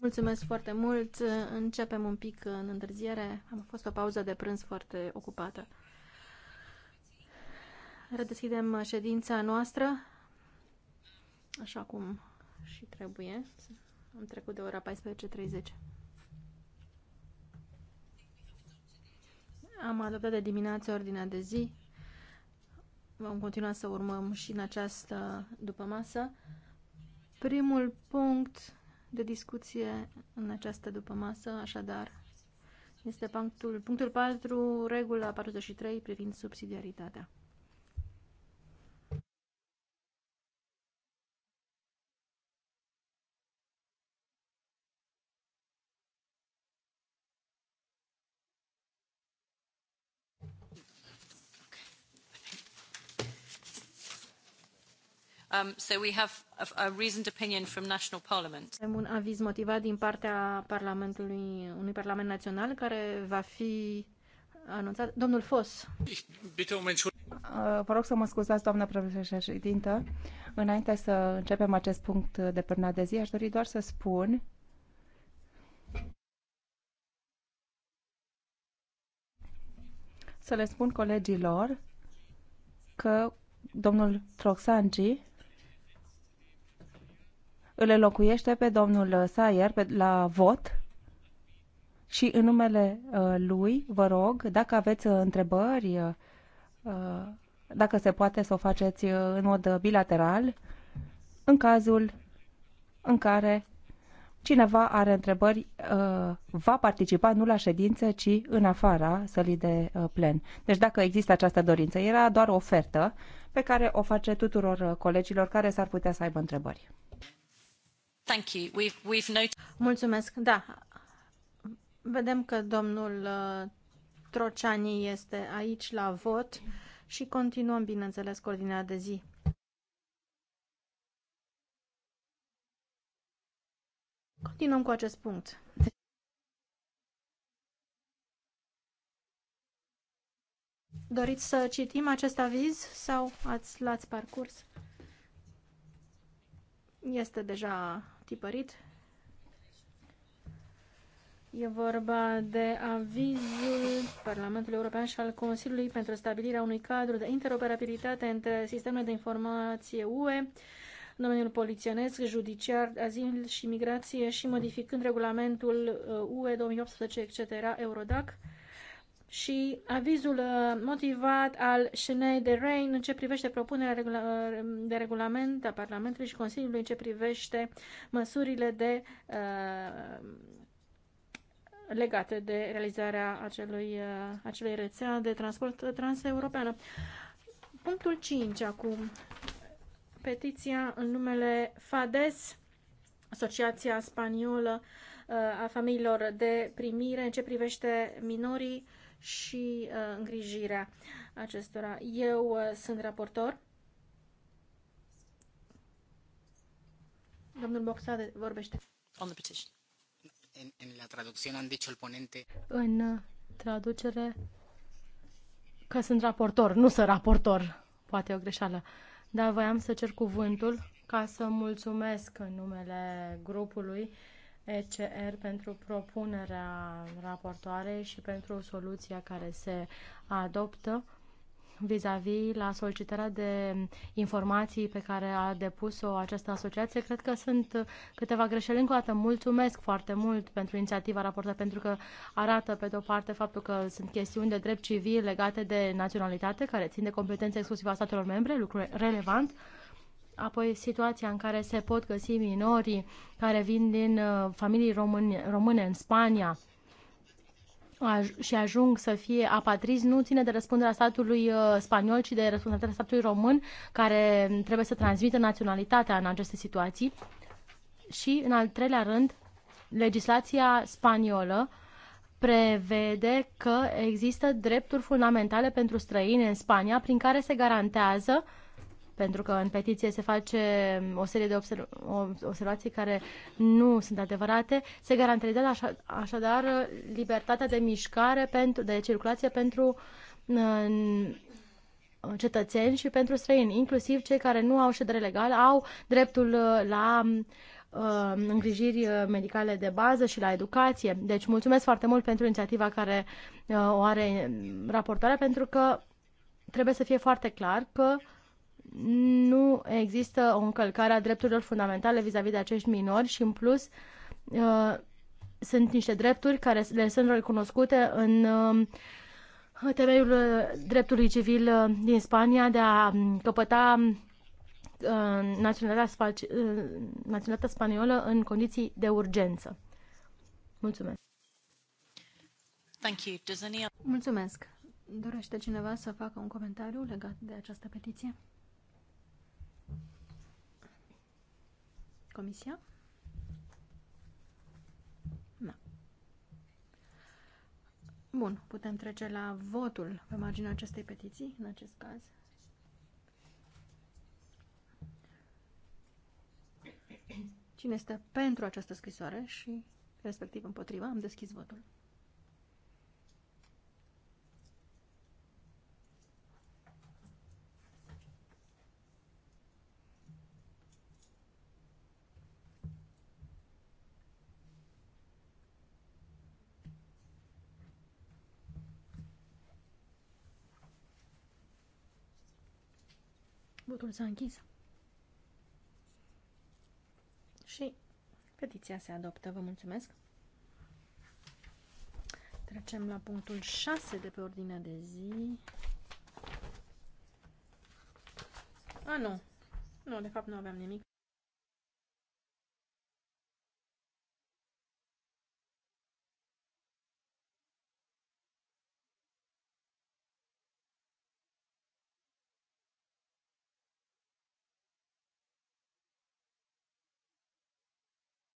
Mulțumesc foarte mult. Începem un pic în întârziere. Am fost o pauză de prânz foarte ocupată. Redeschidem ședința noastră, așa cum și trebuie. Am trecut de ora 14.30. Am adoptat de dimineață ordinea de zi. Vom continua să urmăm și în această după masă. Primul punct de discuție în această masă, așadar, este punctul, punctul 4, regula 43 privind subsidiaritatea. Um, so we have a, a reasoned opinion from national parliament. Avem un aviz motivat din partea Parlamentului, unui Parlament Național care va fi anunțat. Domnul Fos. Um uh, vă rog să mă scuzați, doamnă președintă. Înainte să începem acest punct de până de zi, aș dori doar să spun să le spun colegilor că domnul Troxangi îl locuiește pe domnul Sayer pe, la vot și în numele uh, lui vă rog, dacă aveți uh, întrebări, uh, dacă se poate să o faceți în mod bilateral, în cazul în care cineva are întrebări, va participa nu la ședință, ci în afara sălii de plen. Deci dacă există această dorință, era doar o ofertă pe care o face tuturor colegilor care s-ar putea să aibă întrebări. Thank you. We've, we've Mulțumesc, da. Vedem că domnul uh, Trociani este aici la vot și continuăm, bineînțeles, cu ordinea de zi. Continuăm cu acest punct. Doriți să citim acest aviz sau ați, l-ați parcurs? Este deja tipărit. E vorba de avizul Parlamentului European și al Consiliului pentru stabilirea unui cadru de interoperabilitate între sistemele de informație UE domeniul polițienesc, judiciar, azil și migrație și modificând regulamentul uh, UE 2018, etc., Eurodac și avizul uh, motivat al Cheney de Rein, în ce privește propunerea uh, de regulament a Parlamentului și Consiliului în ce privește măsurile de uh, legate de realizarea acelui, uh, acelei rețea de transport transeuropeană. Punctul 5 acum. Petiția în numele FADES, Asociația Spaniolă uh, a Familiilor de Primire, în ce privește minorii și uh, îngrijirea acestora. Eu uh, sunt raportor. Domnul Boxade vorbește. On the petition. En, en la traducción han dicho el ponente. În uh, traducere că sunt raportor, nu sunt raportor. Poate e o greșeală. Dar voiam să cer cuvântul ca să mulțumesc în numele grupului uh, ECR pentru propunerea raportoarei și pentru soluția care se adoptă vis-a-vis -vis la solicitarea de informații pe care a depus-o această asociație. Cred că sunt câteva greșeli. Încă o dată mulțumesc foarte mult pentru inițiativa raportată, pentru că arată, pe de-o parte, faptul că sunt chestiuni de drept civil legate de naționalitate, care țin de competențe exclusivă a statelor membre, lucru relevant, apoi situația în care se pot găsi minorii care vin din uh, familii române, române în Spania și ajung să fie apatrizi nu ține de răspunderea statului uh, spaniol, ci de răspunderea statului român, care trebuie să transmită naționalitatea în aceste situații. Și, în al treilea rând, legislația spaniolă prevede că există drepturi fundamentale pentru străini în Spania prin care se garantează uh, pentru că în petiție se face o serie de observ observații care nu sunt adevărate, se garantează așa, așadar libertatea de mișcare, pentru, de circulație pentru cetățeni și pentru străini, inclusiv cei care nu au ședere legală, au dreptul la uh, îngrijiri medicale de bază și la educație. Deci mulțumesc foarte mult pentru inițiativa care uh, o are raportarea, pentru că trebuie să fie foarte clar că uh, nu există o încălcare a drepturilor fundamentale vis-a-vis -vis de acești minori și, în plus, uh, sunt niște drepturi care le sunt recunoscute în uh, temeiul uh, dreptului civil din Spania de a um, căpăta naționalitatea, naționalitatea spaniolă în condiții de urgență. Mulțumesc. Thank you. Does any... Mulțumesc. Dorește cineva să facă un comentariu legat de această petiție? Comisia? Da. Bun, putem trece la votul pe marginea acestei petiții, în acest caz. Cine este pentru această scrisoare și respectiv împotriva, am deschis votul. Votul s-a închis. Și petiția se adoptă. Vă mulțumesc. Trecem la punctul 6 de pe ordinea de zi. A, nu. Nu, de fapt nu aveam nimic.